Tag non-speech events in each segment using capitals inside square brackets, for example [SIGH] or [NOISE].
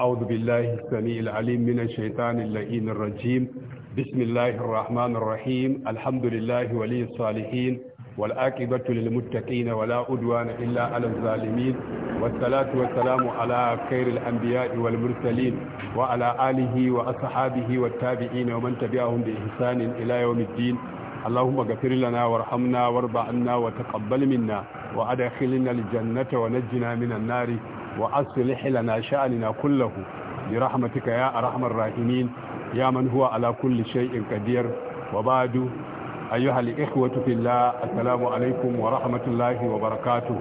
أعوذ بالله السميع العليم من الشيطان اللئيم الرجيم بسم الله الرحمن الرحيم الحمد لله ولي الصالحين والآكبة للمتقين ولا أدوان إلا على الظالمين والصلاة والسلام على خير الأنبياء والمرسلين وعلى آله وأصحابه والتابعين ومن تبعهم بإحسان إلى يوم الدين اللهم اغفر لنا وارحمنا وارض عنا وتقبل منا وأدخلنا الجنة ونجنا من النار واصلح لنا شاننا كله برحمتك يا ارحم الراحمين يا من هو على كل شيء قدير وبعد ايها الاخوه في الله السلام عليكم ورحمه الله وبركاته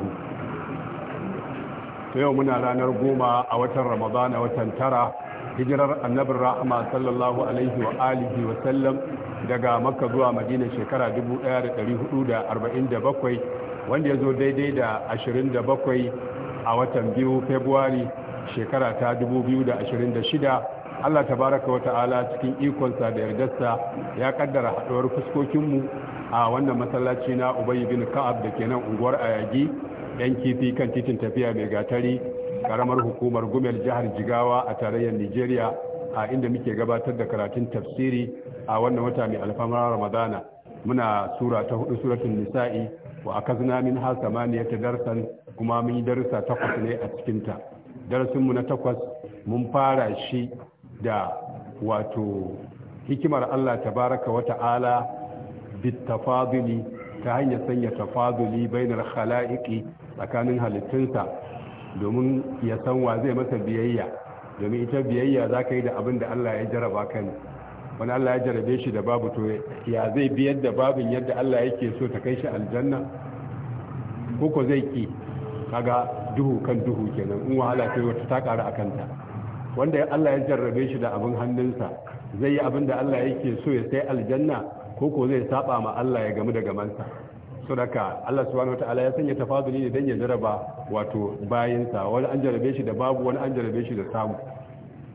يوم من ranar goma a watan رمضان a watan tara hijirar annabi rahama sallallahu alaihi wa wa sallam daga maka zuwa madina shekara 1447 wanda ya zo daidai da 27 a watan biyu februari shekara ta 2026 allah tabaraka wa ta'ala cikin ikonsa da yardarsa ya kaddara haɗuwar fuskokinmu a wannan masallaci na ubayi bin ka'ab da ke nan unguwar ayagi yan kifi kan titin tafiya mai gatari karamar hukumar gumel jihar jigawa a tarayyar nigeria a inda muke gabatar da karatun tafsiri a wannan wata mai alfamar ramadana muna sura ta hudu suratun nisa'i wa akazna min ha samaniyata darsan kuma mun yi darussa takwas ne a cikinta darasinmu na takwas mun fara shi da wato hikimar Allah tabaraka wa ta'ala bitafaduli ta hanyar sanya tafaduli bainar khala'iqi tsakanin halittunsa domin ya san wa zai masa biyayya domin ita biyayya za ka yi da abin da Allah ya jaraba kan wani Allah ya jarabe shi da babu to ya zai biyar da babin yadda Allah yake so ta kai shi aljanna ko zai ki kaga duhu kan duhu kenan in wahala ta wata ta ƙara akan ta wanda Allah ya jarrabe shi da abin hannunsa zai yi abin da Allah yake so ya sai aljanna ko ko zai saba ma Allah ya gamu da gamansa sadaka Allah subhanahu wataala ya sanya tafazuli ne dan ya jaraba wato bayinsa wani an jarabe shi da babu wani an jarabe shi da samu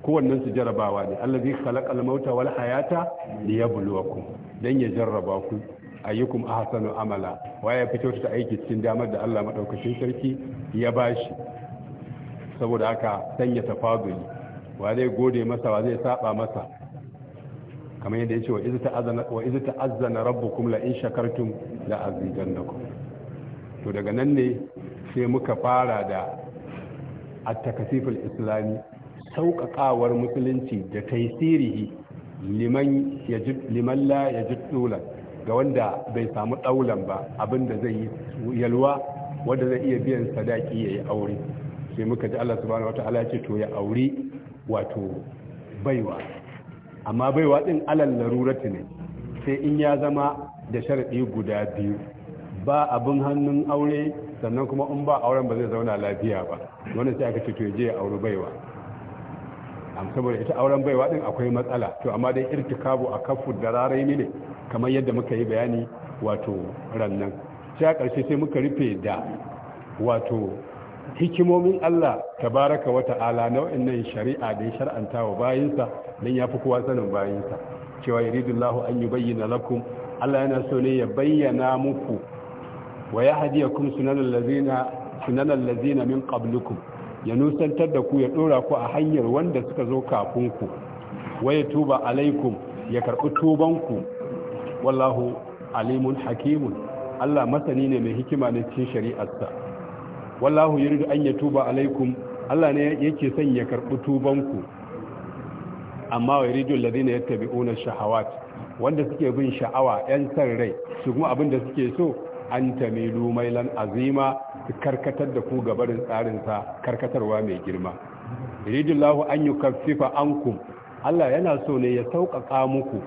kowannen su jarabawa ne allazi khalaqal mauta wal hayata liyabluwakum dan ya jarraba ku ayyukum ahsanu amala ya fito ta aiki cikin damar da Allah madaukakin sarki ya bashi saboda haka sanya tafaduli wa zai gode masa wa zai saba masa kamar yadda yace wa iz ta'azzana wa iz ta'azzana rabbukum la in shakartum la azidannakum to daga nan ne sai muka fara da at-takasiful islami sauƙaƙawar musulunci da taisirihi liman liman la ji ɗulan, ga wanda bai samu ɗaulan ba abinda zai yi yalwa wanda zai iya biyan sadaki ya yi aure sai muka ji Allah subhanahu wa ta'ala ce to ya aure wato baiwa amma baiwa ɗin alal larurati ne sai in ya zama da sharaɗi guda biyu ba abin hannun aure sannan kuma in ba auren ba zai zauna lafiya ba wannan sai aka ce to ya je ya aure baiwa na'am saboda ita auren baiwa din akwai matsala to amma dai irtikabu a kafu da rarai ne kamar yadda muka yi bayani wato rannan sai a ƙarshe sai muka rufe da wato hikimomin Allah tabaraka wa ta'ala na nan shari'a da ya shar'anta wa bayinsa dan yafi kowa sanin bayinsa cewa yuridullahu an yubayyana lakum Allah yana so ne ya bayyana muku wa yahdiyakum sunanal ladzina sunanal ladzina min qablikum ya nusantar da ku ya dora ku a hanyar wanda suka zo kafin ku waya tuba alaikum ya karbi tuban ku wallahu alimun hakimun Allah masani ne mai hikima ne cikin shari'arsa wallahu yuridu an tuba alaikum Allah ne yake son ya karbi tuban ku amma wa yuridu alladhina yattabi'una ash-shahawat wanda suke bin sha'awa yan san rai su kuma abin da suke so an tamilu mailan azima karkatar da ku gabarin tsarinsa karkatarwa mai girma ridillahu an yi kafifa ankum Allah yana so ne ya sauƙaƙa muku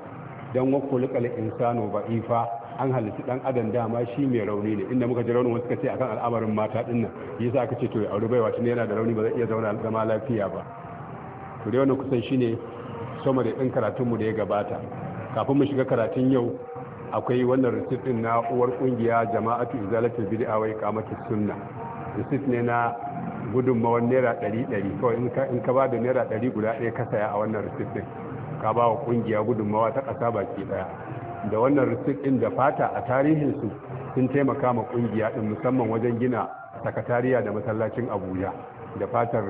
don wakulikal insano ba'ifa an halittu ɗan adam dama shi mai rauni ne inda muka ji rauni wasu kace akan al'amarin mata ɗin nan yi sa aka ce to ya aure baiwa tun yana da rauni ba zai iya zauna zama lafiya ba to dai wannan kusan shine soma da ɗin karatunmu da ya gabata kafin mu shiga karatun yau akwai wannan receipt din na uwar kungiya jama'atu izalatul bid'a wa iqamatus sunna receipt ne na gudunmawar naira 100 kawai in ka ba da naira ɗari guda ɗaya ka saya a wannan receipt din ka ba wa kungiya gudunmawa ta ƙasa baki ɗaya da wannan receipt din da fata a tarihin su sun taimaka ma kungiya din musamman wajen gina sakatariya da masallacin abuja da fatar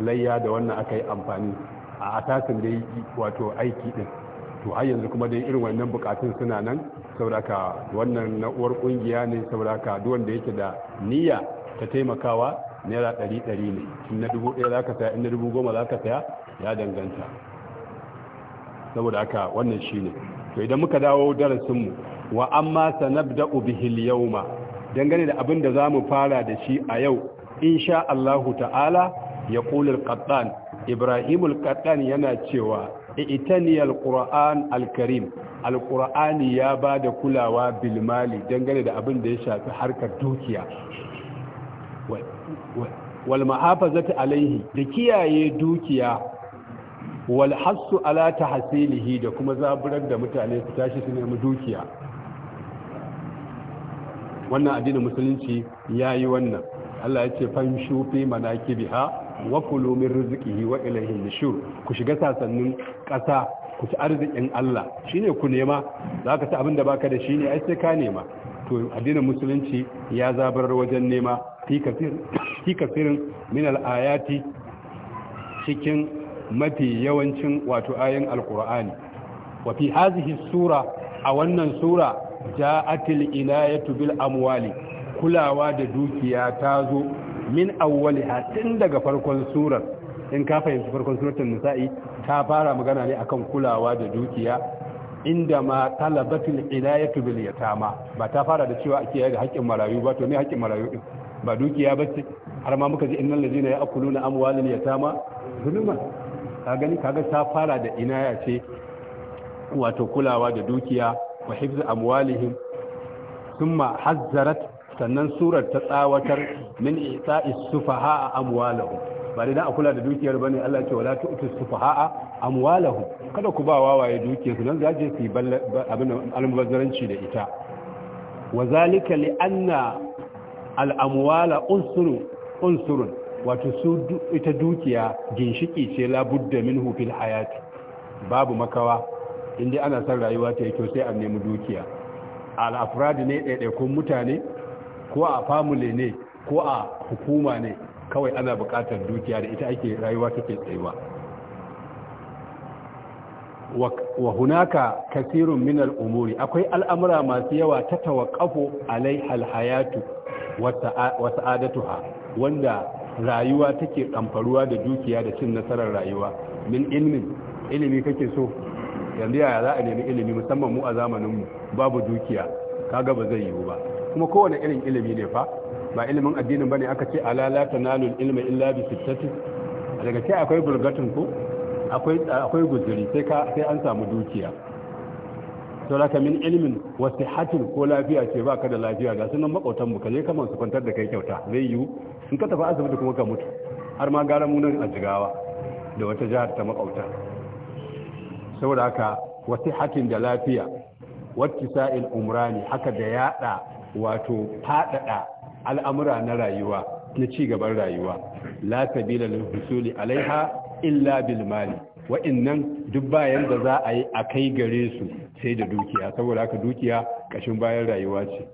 layya da wannan aka yi amfani a asasin da wato aiki din to har yanzu kuma dai irin wannan bukatun suna nan sauraka wannan na'uwar kungiya ne sauraka duk wanda yake da niyya ta taimakawa naira ɗari ɗari ne in na dubu ɗaya za ka saya in na dubu goma za ka saya ya danganta saboda haka wannan shi ne to idan muka dawo darasinmu wa amma sanabda bihil yauma dangane da abin da zamu fara da shi a yau insha Allahu ta'ala ya ƙular ibrahimul ƙaɗɗan yana cewa itani alquran alkarim alqurani ya bada kulawa bil mali dangane da abin da ya shafi harkar dukiya wal mahafazati alaihi da kiyaye dukiya wal hasu ala tahsilihi da kuma zaburar da mutane su tashi su nemi dukiya wannan addinin musulunci yayi wannan Allah ya ce fanshu fi manakibiha wa kulu min rizqihi wa ilayhi nushur ku shiga sasannin ƙasa ku ci arzikin Allah shine ku nema zaka ci abin da baka da shi ne ai sai ka nema to addinin musulunci ya zabar wajen nema fi kafir fi min al-ayati cikin mafi yawancin wato ayin alqur'ani wa fi hadhihi sura a wannan sura ja'atil inayatu bil amwali kulawa da dukiya ta zo min awwali tun daga farkon surar in ka fahimci farkon suratul nisa'i ta fara magana ne akan kulawa da dukiya inda ma talabatul ilayatu bil yatama ba ta fara da cewa ake yaga haƙƙin marayu ba to ne haƙƙin marayu din ba dukiya ba ce har ma muka ji innal ladina ya'kuluna amwalal yatama zulma ka gani kaga ta fara da inaya ce wato kulawa da dukiya wa hifz amwalihim thumma hazzarat sannan surar ta tsawatar min isa'i sufaha a amwalahu ba dai dan a kula da dukiyar bane Allah ce wala tu'tu sufaha a amwalahu kada ku ba wawaye dukiyar su dan za je su abin almubazzaranci da ita wa zalika li anna al amwala unsurun unsurun wato su ita dukiya ginshiki ce da minhu fil hayati babu makawa inda ana son rayuwa ta yi to sai a nemi dukiya Al'afuradi ne ɗaiɗaikun mutane ko a famule ne ko a hukuma ne kawai ana bukatar dukiya da ita ake rayuwa take tsayuwa wa hunaka kasirun min al'umuri akwai al'amura masu yawa ta tawaƙafo alai alhayatu wa sa'adatuha wanda rayuwa take ɗamfaruwa da dukiya da cin nasarar rayuwa min ilmin ilimi kake so yanzu yaya za a nemi ilimi musamman mu a zamanin mu babu dukiya kaga ba zai yiwu ba kuma kowane irin ilimi ne fa ba ilimin addinin bane aka ce la tanalul ilma illa bi sittati daga ce akwai burgatun ku akwai akwai guzuri sai ka sai an samu dukiya to laka min ilmin wa sihhatin ko lafiya ce baka da lafiya ga sunan makautan mu kaje kaman su kwantar da kai kyauta zai yiwu in ka tafi asibiti kuma ka mutu har ma gara mu nan a jigawa da wata jihar ta makauta saboda haka wa sihhatin da lafiya tisa'il umrani haka da yada wato faɗaɗa al'amura na rayuwa na ci gaban rayuwa la sabila lil husuli alaiha illa bil mali innan duk bayan da za a yi a kai gare su sai da dukiya saboda haka dukiya kashin bayan rayuwa ce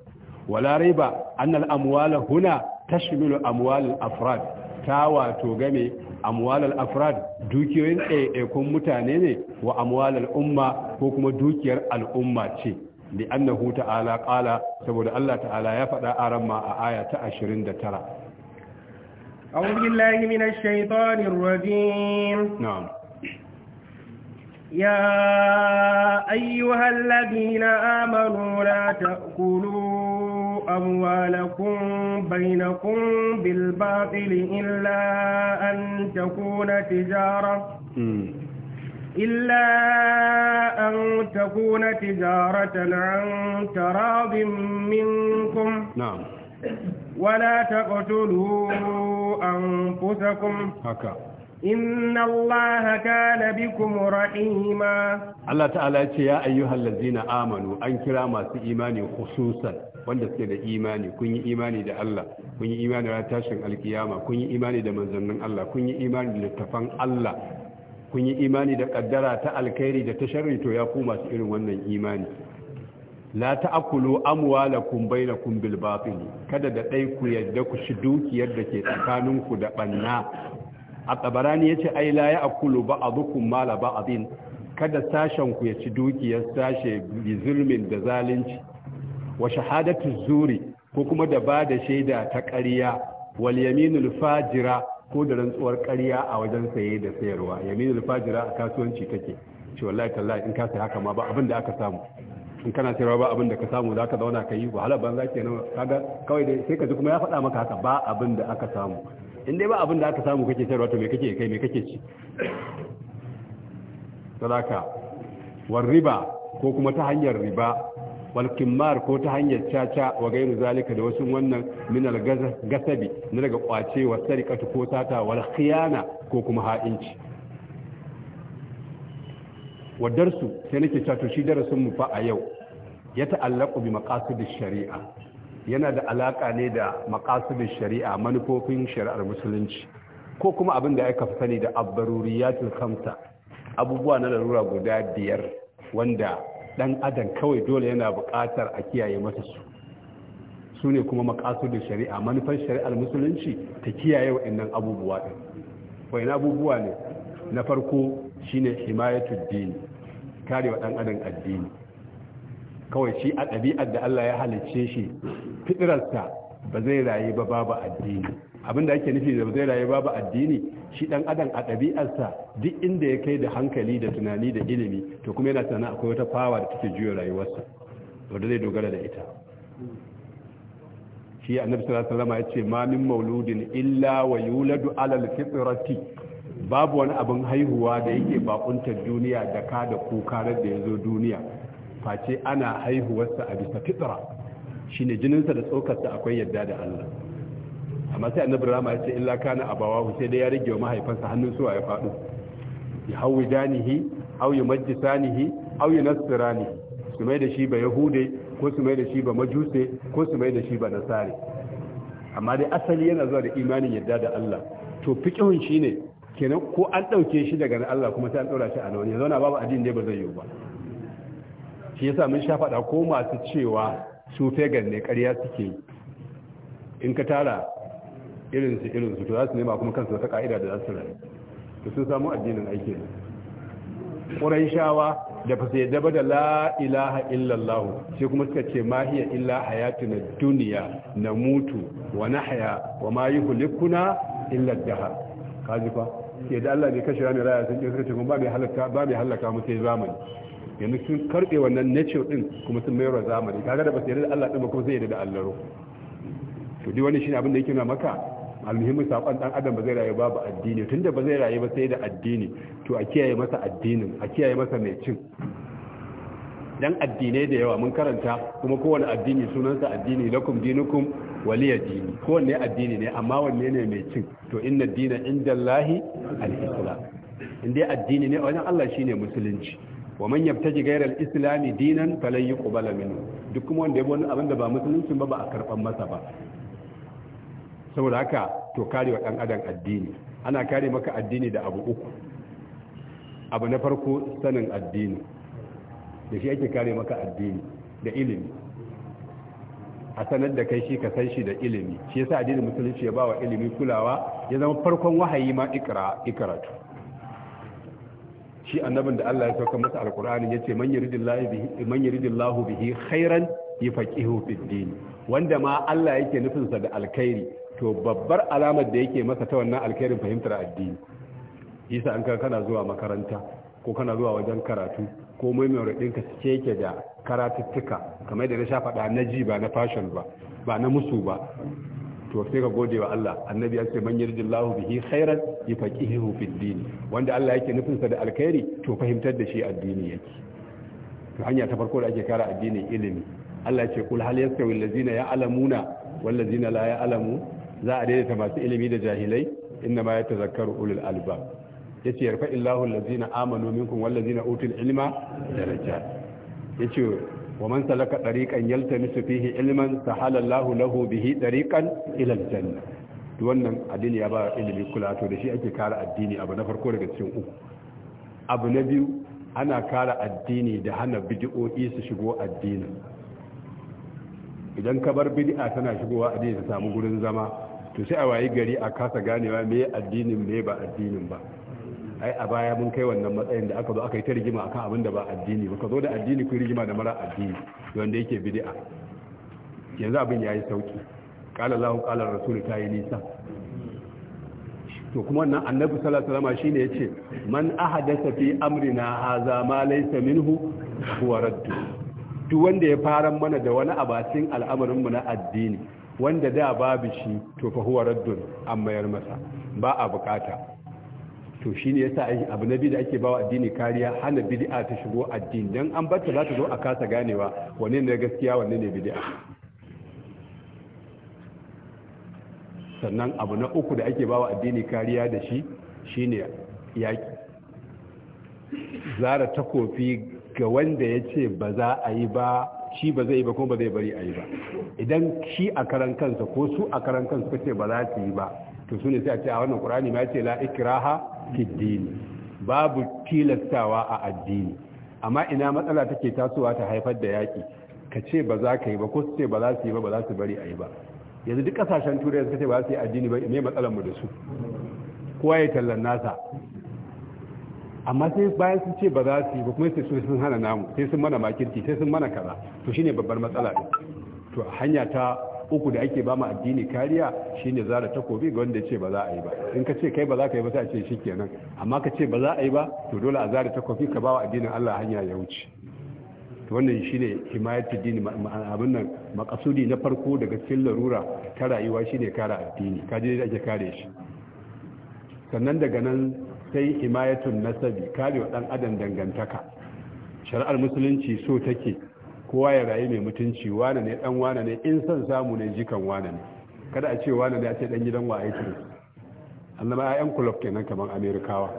wala riba al amwala huna tashmilu amwal afrad ta wato game amwal afrad dukiyoyin ɗaiɗaikun mutane ne wa amwal umma ko kuma dukiyar al'umma ce li annahu ta'ala qala saboda Allah ta'ala ya faɗa aran ma a aya ta 29 أعوذ بالله من الشيطان الرجيم نعم يا أيها الذين آمنوا لا تأكلوا أموالكم بينكم بالباطل إلا أن تكون تجارة م. إلا أن تكون تجارة عن تراض منكم نعم ولا تقتلوا أنفسكم هكا إن الله كان بكم رحيما الله تعالى يا أيها الذين آمنوا أنكرا ما في إيماني خصوصا wanda suke da imani kun yi imani da Allah kun yi imani da tashin alkiyama kun yi imani da manzannin Allah kun yi imani da littafan Allah kun yi imani da kaddara ta alkhairi da ta sharri to ya ku masu irin wannan imani la ta'kulu amwalakum bainakum bil batil kada da dai ku yadda ku shi dukiyar da ke tsakaninku da banna a tabarani yace ai la ya'kulu ba'dukum mala ba'din kada sashen ku ya ci dukiyar sashe bi zulmin da zalunci wa shahadatu zuri ko kuma da ba da shaida ta ƙarya wal yaminul fajira ko da rantsuwar ƙarya a wajen saye da sayarwa da fajira a kasuwanci take ce wallahi tallahi in ka sai haka ma ba abin da aka samu in kana sayarwa ba abin da ka samu ka zauna ka yi wahala ban zaki nan kaga kawai dai sai ka ji kuma ya faɗa maka haka ba abin da aka samu in dai ba abin da aka samu kake sayarwa to me kake kai me kake ci sadaka war riba ko kuma ta hanyar riba walkimar ko ta hanyar caca wa gairu zalika da wasu wannan min gasabi na daga kwace wa sarikatu ko tata wal khiyana ko kuma ha'inci wa darsu sai nake cato shi darasin mu fa a yau ya ta'allaqu bi maqasidish shari'a yana da alaka ne da maqasidish shari'a manufofin shari'ar musulunci ko kuma abin da aka fi sani da abbaruriyatul khamsa abubuwa na larura guda biyar wanda Ɗan adam kawai dole yana buƙatar a kiyaye masa su su ne kuma da shari'a Manufan shari'ar musulunci ta kiyaye waɗannan abubuwa ɗin waɗannan abubuwa ne na farko shine himayatul dini kare wa ɗan adam addini kawai shi a ɗabi'ar da Allah ya halicce shi fitirarsa ba zai rayu ba babu addini abinda ake nufi da ba zai rayu babu addini shi ɗan adam a ɗabi'arsa duk inda ya kai da hankali da tunani da ilimi to kuma yana tunanin akwai wata fawa da take juya rayuwarsa wadda zai dogara da ita shi annabi sallallahu alaihi wasallam ya ce ma min mauludin illa wa yuladu alal fitrati babu wani abin haihuwa da yake bakuntar duniya da ka da kukar da ya zo duniya face ana haihuwarsa a bisa fitra shine jininsa da tsokarsa akwai yadda da Allah amma sai annabi rama ya ce illa kana hu sai dai ya rige wa mahaifansa hannun suwa ya faɗo ya hawi danihi aw yumajjisanihi aw yunasrani su mai da shi ba yahude ko su mai da shi ba majuse ko su mai da shi ba nasare amma dai asali yana zuwa da imanin yadda da Allah to fiqhun shine kenan ko an dauke shi daga Allah kuma sai an daura shi a nauni yanzu babu addini ne ba zai yiwu ba shi yasa mun sha fada ko masu cewa su fegan ne ƙarya suke in ka tara irin su irin su to za su nema kuma kansu wata ka'ida da za su rayu to sun samu addinin aiki ne shawa da fa daba da la ilaha illallah sai kuma suka ce ma hiya illa na duniya na mutu wa haya wa ma yuhlikuna illa dahar kaji fa sai da Allah ne kashe rami raya sun ce suka ce ba mai halaka ba mai halaka mu sai zamani yanzu sun karbe wannan nature din kuma sun mayar zamani kaga da ba sai da Allah din ba kuma sai da Allah ro to duk wani abin da yake nuna maka almuhimmin sakon dan adam ba zai rayu babu addini tunda ba zai rayu ba sai da addini to a kiyaye masa addinin a kiyaye masa mai cin dan addinai da yawa mun karanta kuma kowane addini sunansa addini lakum dinukum waliya dini kowanne addini ne amma wanne ne mai cin to inna dina indallahi al-islam dai addini ne wajen Allah shine musulunci wa man yabtaji ghayra al-islam dinan falan yuqbala minhu duk kuma wanda abin abinda ba musulunci ba ba a karban masa ba saboda haka to kare wa ɗan adam addini ana kare maka addini da abu uku abu na farko sanin addini da shi ake kare maka addini da ilimi a sanar da kai shi ka san shi da ilimi shi yasa addinin musulunci ya ba wa ilimi kulawa ya zama farkon wahayi ma ikra shi annabin da Allah ya sauka masa ya ya man yi ridin lahu bihi khairan yafaqihu fid dini." wanda ma Allah yake nufinsa da alkhairi to babbar alamar da yake masa ta wannan alkhairin fahimtar addini isa an kan kana zuwa makaranta ko kana zuwa wajen karatu ko maimawar ɗinka su ke da karatuttuka kamar da na sha faɗa na ji ba na fashon ba ba na musu ba to sai ka gode wa Allah annabi ya ce man yarjillahu bihi khairan yufaqihuhu fid din wanda Allah yake nufin sa da alkhairi to fahimtar da shi addini yake to hanya ta farko da ake kara addinin ilimi Allah ya ce kul hal yastawi allazina ya'lamuna wal la ya'lamu za a daidaita masu ilimi da jahilai inna ma yatazakkaru ulul albab yace yarfa illahu allazina amanu minkum wallazina utul ilma darajat yace wa man salaka tariqan yaltamisu fihi ilman sahala Allahu lahu bihi tariqan ila aljanna wannan addini ya ba ilimi kula to da shi ake kare addini abu na farko daga cikin uku abu na biyu ana kare addini da hana bid'o'i su shigo addinin idan ka bar bid'a tana shigowa addini ta samu gurin zama to sai a wayi gari a kasa ganewa me addinin me ba addinin ba ai a baya mun kai wannan matsayin da aka zo aka yi ta rigima akan abin da ba addini ba ka zo da addini kun rigima da mara addini wanda yake bid'a yanzu abin yayi sauki qala Allahu qala rasul ta yi nisa to kuma wannan annabi sallallahu alaihi wasallam shine yace man ahadatha fi amrina hadha ma laysa minhu huwa raddu duk wanda ya fara mana da wani abacin al'amarin mu na addini wanda da babu shi to fa huwa raddun an mayar masa ba a bukata to shine yasa abu na biyu da ake bawa addini kariya hana bid'a ta shigo addini dan an barta za ta zo a kasa ganewa wanne ne gaskiya wanne ne bid'a sannan abu na uku da ake bawa addini kariya da shi shine yaki zara takofi ga wanda ya ce ba za a yi ba shi ba zai ba kuma ba zai bari a yi ba idan shi a karan kansa ko su a karan kansa kace ba za su yi ba to su ne sai a ce a wannan qur'ani ma ce la ikraha fiddini babu tilastawa a addini amma ina matsala take tasowa ta haifar da yaki ka ce ba za ka yi ba ko su ce ba za su yi ba ba za su bari a yi ba yanzu duk kasashen turai suka ce ba za su yi addini ba me matsalar mu da su kowa ya tallan nasa amma sai bayan su ce ba za su yi ba kuma sai sun hana namu sai sun mana makirci sai sun mana kaza to shine babbar matsala ne to hanya ta uku da ake ba mu addini kariya shine zara takobi ga wanda ce ba za a yi ba in ka ce kai ba za ka yi ba sai a ce shikenan amma ka ce ba za a yi ba to dole a zara takobi ka ba wa addinin Allah hanya ya wuce to wannan shine himayatul dini abin nan makasudi na farko daga cikin larura ta rayuwa shine kare addini kaje da ake kare shi sannan daga nan sai himayatun nasabi kare wa dan adam dangantaka shari'ar musulunci so take kowa ya rayu mai mutunci wane ne dan wane ne in san samu ne jikan wane ne kada a ce wane ne a ce dan gidan wa aiki ne. annaba ayan club kenan kamar amerikawa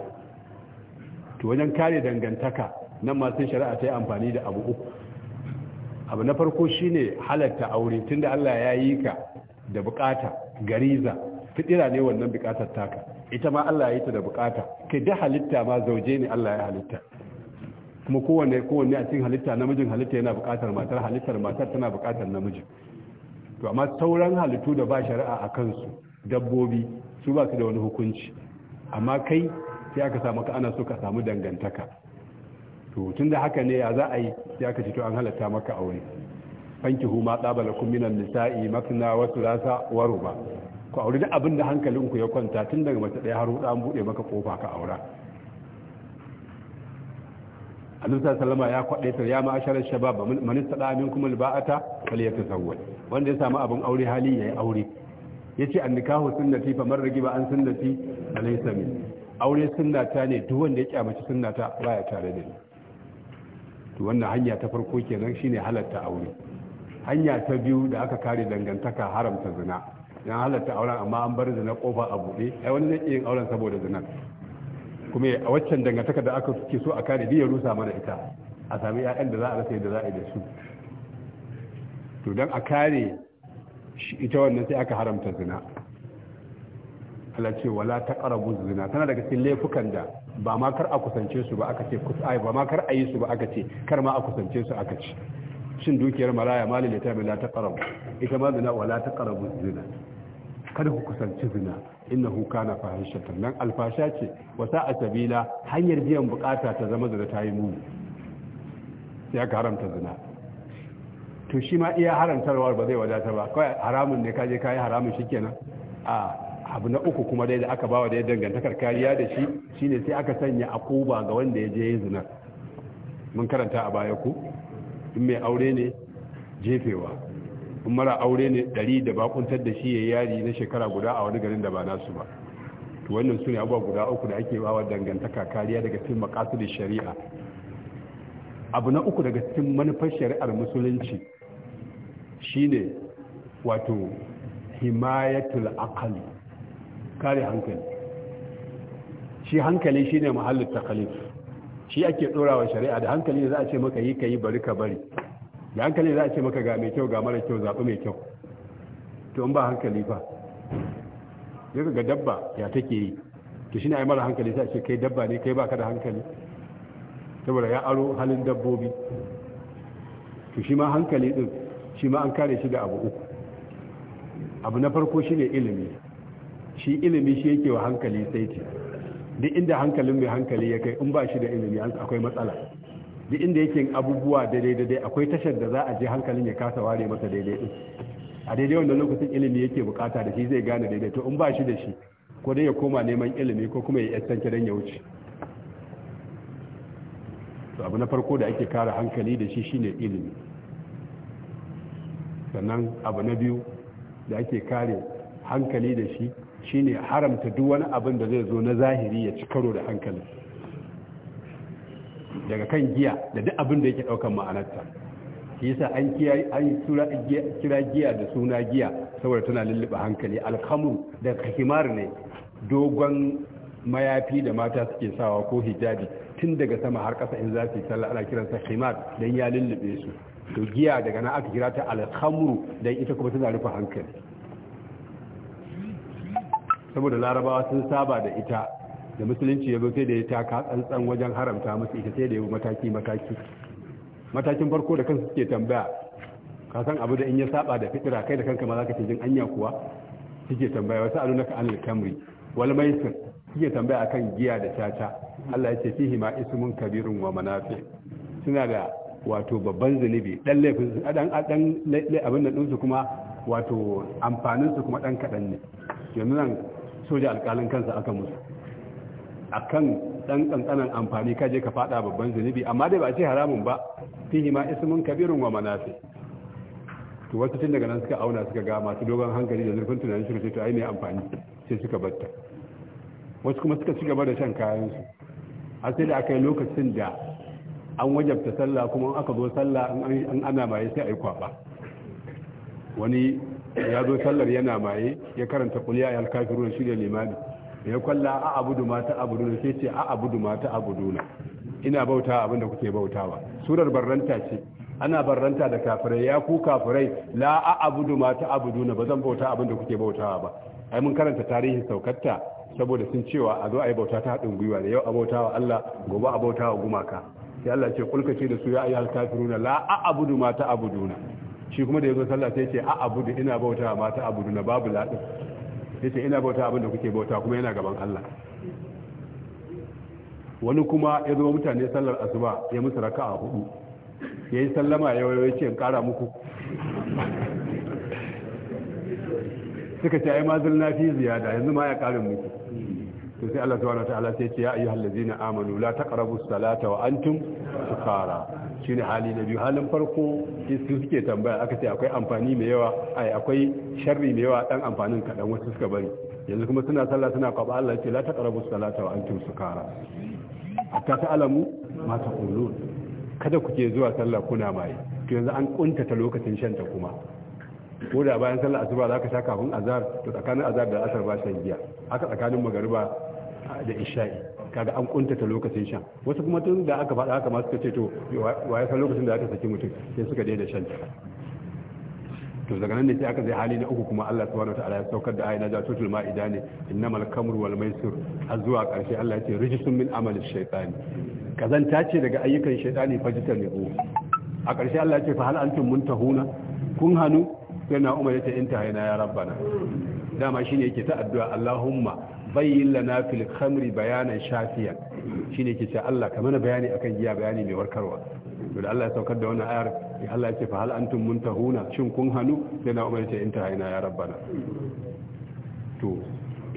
to wajen kare dangantaka nan masu shari'a ta yi amfani da abu uku abu na farko shine halatta aure tunda Allah ya yi ka da bukata gariza fitira ne wannan bukatar taka ita ma Allah ya yi ta da bukata kai da halitta ma zauje ne Allah ya halitta kuma kowanne kowanne a cikin halitta namijin halitta yana bukatar matar halittar matar tana bukatar namiji to amma sauran halittu da ba shari'a a kansu dabbobi su ba su da wani hukunci amma kai sai aka samu ka ana so ka samu dangantaka to tun da haka ne ya za a yi sai aka ce to an halatta maka aure fankihu ma tsabala kun minan nisa'i masna wasu rasa wa ba. ku auri da abin da hankalinku ya kwanta tun daga mace ɗaya har hudu an buɗe maka kofa ka aura alusa salama ya kwaɗe ya ma'asharar shabab man istada minkum alba'ata falyatazawwaj wanda ya samu abin aure hali yayi aure yace nikahu sunnati fa man ragiba an sunnati alaysa min aure sunnata ne duk wanda ya kyamaci sunnata baya tare da ni to wannan hanya ta farko kenan shine halatta aure hanya ta biyu da aka kare dangantaka haramta zina ya halatta auren amma an bar zina kofa a buɗe ai wani zai yin auren saboda zina. kuma a waccan dangantaka da aka ke so a kare ya rusa mana ita a sami ƴaƴan da za a rasa yadda za a yi da su to dan a kare ita wannan sai aka haramta zina Allah ce wala taqrabu zina tana daga cikin laifukan da ba ma kar a kusance su ba aka ce kusai ba ma kar a yi su ba aka ce kar ma a kusance su aka ce shin dukiyar maraya malil ta bi la taqrabu ita ma zina wala taqrabu zina kada ku kusanci zina hu kana fahishatan nan alfasha ce wa a sabila hanyar biyan bukata ta zama zina ta yi mu sai aka zina to shi ma iya harantarwa ba zai wadata ba kawai haramun ne kaje kai haramun shikenan a abu na uku kuma dai da aka bawa da ya dangantakar kariya da shi shine sai aka sanya akuba ga wanda ya je yin zina mun karanta a baya ku in mai aure ne jefewa in mara aure ne ɗari da bakuntar da shi ya yari na shekara guda a wani garin da ba nasu ba to wannan su ne abubuwa guda uku da ake bawa dangantaka kariya daga cikin makasudin shari'a abu na uku daga cikin manufar shari'ar musulunci shine wato himayatul aqali kare hankali shi hankali shine mahallin takalif shi ake dorawa shari'a da hankali za a ce maka yi yi bari ka bari da hankali za a ce maka ga mai kyau ga mara kyau zaɓi mai kyau to in ba hankali fa ya ga dabba ya take yi to shi ne a mara hankali sai a ce kai dabba ne kai ba ka da hankali saboda ya aro halin dabbobi to shi ma hankali ɗin shi ma an kare shi da abu uku abu na farko shi ne ilimi shi ilimi shi yake wa hankali ce duk inda hankalin mai hankali ya kai in ba shi da ilimi akwai matsala duk inda yake abubuwa daidai daidai akwai tashar da za a je hankalin ya kasa ware masa daidai din a daidai wanda lokacin ilimi yake bukata da shi zai gane daidai to in ba shi da shi ko dai ya koma neman ilimi ko kuma ya yastanke don ya wuce to abu na farko da ake kare hankali da shi shine ilimi sannan abu na biyu da ake kare hankali da shi shine haramta duk wani abin da zai zo na zahiri ya ci karo da hankalin daga kan giya da duk abin da yake daukan ma'anarta shi yasa an kiya kira giya da suna giya saboda tana lullube hankali alkamu da himar ne dogon mayafi da mata suke sawa ko hijabi tun daga sama har ƙasa in za su yi sallah ana kiransa himar dan ya lullube su to giya daga nan aka kira ta alhamru dan ita kuma tana rufe hankali saboda larabawa sun saba da ita da musulunci ya sai da ya taka tsantsan wajen haramta musu ita sai da ya mataki mataki matakin farko da kansu suke tambaya ka san abu da in ya saba da fitira kai da kanka ma za ka jin anya kuwa suke tambaya wasu alunaka anil kamri wal maisir suke tambaya akan giya da caca Allah ya ce fihi ma isimin kabirin wa manafi suna da wato babban zunubi dan laifin su dan dan abin da dinsu kuma wato amfanin su kuma dan kadan ne yanzu nan soja alkalin kansa aka musu akan ɗan ƙanƙanan amfani ka je ka faɗa babban zunubi amma dai ba a ce haramun ba fihi ma ismin kabirin wa manafi to wasu tun daga nan suka auna suka ga masu dogon hankali da zurfin tunanin suka ce to ai mai amfani sai suka batta wasu kuma suka ci gaba da shan kayan su har sai da aka yi lokacin da an wajabta sallah kuma an aka zo sallah an ana maye sai a yi kwaba wani ya zo sallar yana maye ya karanta kuliya ya alkafiru da shirya limami ya kwalla a abudu ma ta abuduna sai ce a abudu ma ta abuduna ina bauta abin da kuke bautawa surar barranta ce ana barranta da kafirai ya ku kafirai la a abudu ma ta abuduna ba zan bauta abin da kuke bautawa ba ai mun karanta tarihin saukatta saboda sun cewa a zo a yi bauta ta haɗin gwiwa da yau a bautawa Allah gobe a bautawa gumaka sai Allah ce kulka ce da su ya ayyuhal kafiruna la a abudu ma ta abuduna shi kuma da yazo sallah sai ce a abudu ina bautawa ma ta abuduna babu ladin yace ina bauta abin da kuke bauta kuma yana gaban Allah wani kuma ya zama mutane sallar asuba ya musu raka a hudu ya yi sallama ya wayo ce kara muku suka ce ai na lafi ziyada yanzu ma ya karin muku to sai Allah subhanahu wataala sai ce ya ayyuhal amanu la taqrabu salata wa antum sukara ne hali na biyu halin farko su suke tambaya aka ce akwai amfani mai yawa ai akwai sharri mai yawa dan amfanin kadan wasu suka bari yanzu kuma suna sallah suna kwaba Allah ya ce la taqrabu salata wa antum sukara hatta alamu ma taqulun kada kuke zuwa sallah kuna mai to yanzu an kuntata lokacin shan ta kuma ko da bayan sallah asuba zaka sha kafin azhar to tsakanin azhar da asar ba shan giya haka tsakanin magariba da isha'i kaga an kuntata lokacin shan wasu kuma tun da aka faɗa haka masu suka ce to wa ya lokacin da aka saki mutum sai suka daina shan to daga nan ne sai aka zai hali na uku kuma Allah subhanahu wataala ya saukar da ayyana da tutul ma'ida ne innamal kamru wal maisir har zuwa karshe Allah ya ce rijisun min amali shaytani kazanta ce daga ayyukan shaytani fajitar ne ko a karshe Allah ya ce fa hal antum muntahuna kun hanu sai na umar ya ce inta hayna ya rabbana dama shine yake ta addu'a Allahumma bayyin lana fil khamri bayanan shafiyan shine ke ce Allah ka mana bayani akan giya bayani mai warkarwa to da Allah ya saukar da wani ayar ya Allah ya ce fa hal antum muntahuna shin kun hanu sai na umar ce inta haina ya rabbana to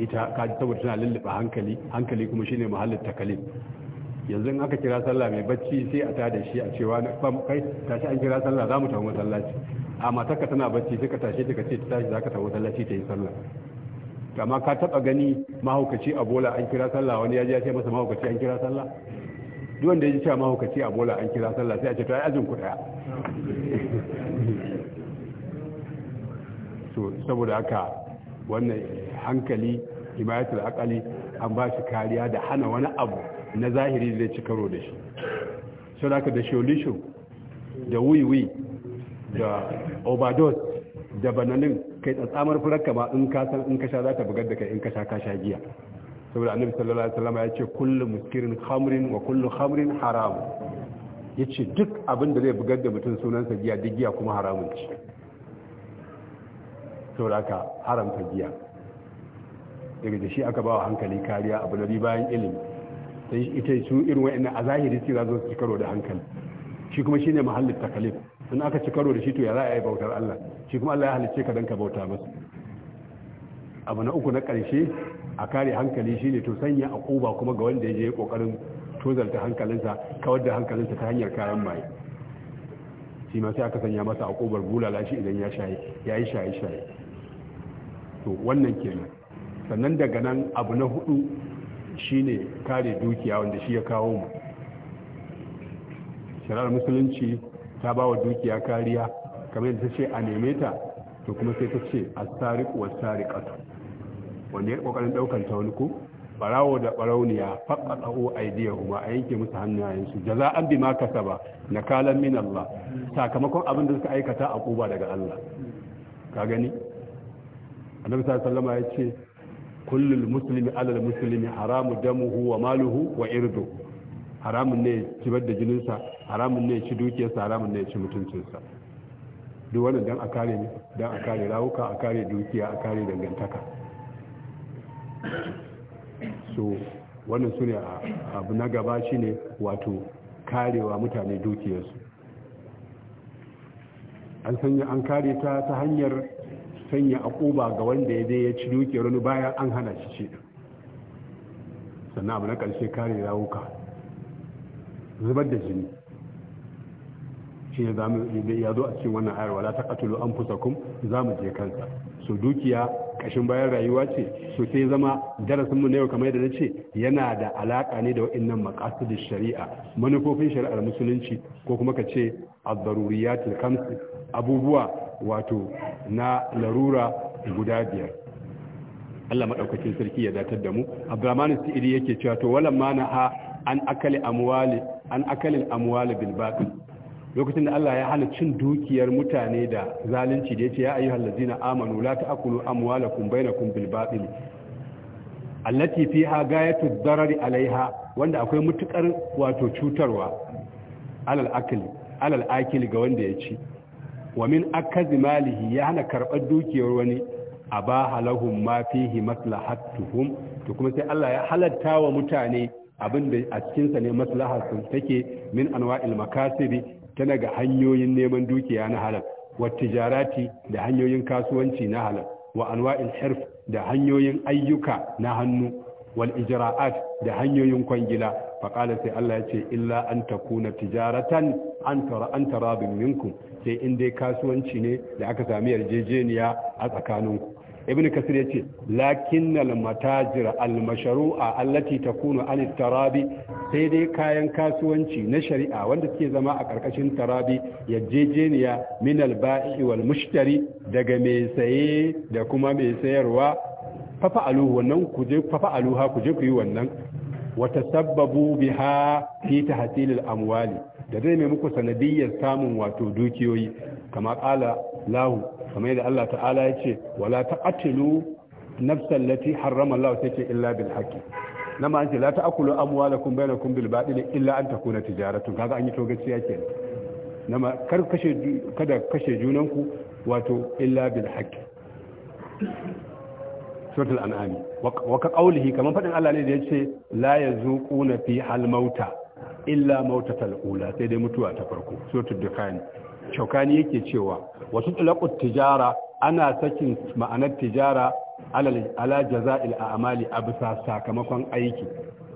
ita kaji saboda tana lulluɓa hankali hankali kuma shine mahallin takalim yanzu aka kira sallah mai bacci sai a tada shi a cewa na mu kai tashi an kira sallah za mu tafi masallaci a matarka tana bacci sai ka tashi ta ce tashi za ka tafi masallaci ta yi sallah amma ka taba gani mahaukaci a bola an kira sallah wani ya ji ya ce masa mahaukaci an kira sallah duk wanda ya ji cewa mahaukaci a bola an kira sallah sai a ce to ai ajin kuɗaya to [LAUGHS] saboda haka wannan hankali himayatul aqali an ba shi kariya da hana wani abu na zahiri da ci karo da shi sau da da sholisho da wiwi da obados da bananin kai tsatsamar furarka ba in ka san in ka sha za ta bugar da kai in ka sha ka sha giya saboda annabi sallallahu alaihi wasallam ya ce kullu muskirin khamrin wa kullu khamrin haram yace duk abin da zai bugar da mutum sunansa giya duk giya kuma haramun ce saboda aka haramta giya daga da shi aka bawa hankali kariya abu na bayan ilimi sai ita su irin wa'annan a zahiri sai za su karo da hankali shi kuma shine mahallin takalif in aka ci karo da shi to ya za a yi bautar Allah shi kuma Allah ya halicce ka don ka bauta masa abu na uku na ƙarshe a kare hankali shine to sanya a ƙuba kuma ga wanda ya je kokarin tozarta hankalinsa kawar da hankalinsa ta hanyar kayan maye shi ma sai aka sanya masa a akubar bulala shi idan ya shaye ya yi shaye shaye to wannan kenan sannan daga nan abu na hudu shine kare dukiya wanda shi ya kawo mu shirar musulunci ta ba wa dukiya kariya kamar yadda ta ce a neme ta to kuma sai ta ce a tsariku wa tsarikatu wanda ya kokarin ɗaukar ta wani ko barawo da barauniya faɗa ɗau a a yanke musu hannayensu jaza'an bima na na min Allah sakamakon abin da suka aikata a ƙuba daga Allah ka gani annabi sallallahu ya ce kullul muslimi alal muslimi haramu damuhu wa maluhu wa irduhu haramun ne ya da jininsa haramun ne ci dukiyarsa haramun ne ci mutuncinsa duk wannan don a kare ne don a kare rawuka a kare dukiya a kare dangantaka so wannan su ne abu na gaba shi ne wato karewa mutane dukiyarsu an sanya an kare ta ta hanyar sanya akuba ga wanda ya ya ci dukiyar wani bayan an hana shi ce sannan abu na ƙarshe kare rawuka zubar da jini shi ne ya zo a cikin wannan ayar wala ta katulu an kum za mu je kansa so dukiya kashin bayan rayuwa ce so sai zama darasinmu na yau kamar yadda na ce yana da alaka ne da wa'annan maqasid shari'a manufofin shari'ar musulunci ko kuma ka ce ad khams abubuwa wato na larura guda biyar Allah madaukakin sarki ya datar da mu Abdurrahman Sa'idi yake cewa to walamma na an akali amwali an akalin amwali bil baqi lokacin da Allah ya hana cin dukiyar mutane da zalunci da yace ya ayyuhal allazina amanu la ta'kulu amwalakum bainakum bil baqi allati fiha gayatu darari alaiha wanda akwai mutukar wato cutarwa alal akli alal akli ga wanda ya ci wa min akazi malihi ya hana karɓar dukiyar wani a ba ma fihi maslahatuhum to kuma sai Allah ya halatta wa mutane abin da a cikinsa ne maslahasu take min anwa'il makasibi tana ga hanyoyin neman dukiya na halal wa tijarati da hanyoyin kasuwanci na halal wa anwa'il hirf da hanyoyin ayyuka na hannu wal ijra'at da hanyoyin kwangila faqala sai Allah ya ce illa an takuna tijaratan an tara an tarabin minkum sai in dai kasuwanci ne da aka sami yarjejeniya a tsakaninku ibn kasir ya ce lakinnal matajir almasharu'a allati takunu an tarabi sai dai kayan kasuwanci na shari'a wanda suke zama a karkashin tarabi yajejeniya min alba'i wal mushtari daga mai saye da kuma mai sayarwa fafa aluhu wannan ku je fafa ku je ku yi wannan wa tasabbabu biha fi tahsil al amwali da zai mai muku sanadiyyar samun wato dukiyoyi kama kala lahu kamar yadda Allah ta'ala ya ce wala ta'atilu nafsan lati harrama Allah take ce illa bil haqqi nama an ce la ta'kulu amwalakum bainakum bil batil illa an takuna tijaratun kaga an yi to gaskiya kenan nama kar kashe kada kashe junanku wato illa bil haqqi suratul an'am wa ka qawlihi kaman fadin Allah ne da yace la yazuquna fi hal mauta illa mautatal ula sai dai mutuwa ta farko suratul dukhan shaukani yake cewa wasu tulaqut tijara ana sakin ma'anar tijara ala jaza'il a'mali bisa sakamakon aiki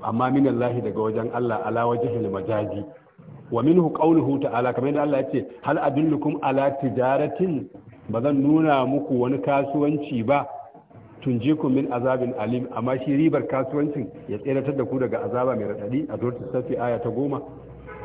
amma minallahi daga wajen Allah ala wajhil majazi wa minhu qawluhu ta'ala kamar yadda Allah yace hal adullukum ala tijaratin bazan nuna muku wani kasuwanci ba ku min azabin alim amma shi ribar kasuwancin ya tseratar da ku daga azaba mai raɗaɗi a dorta safi aya ta goma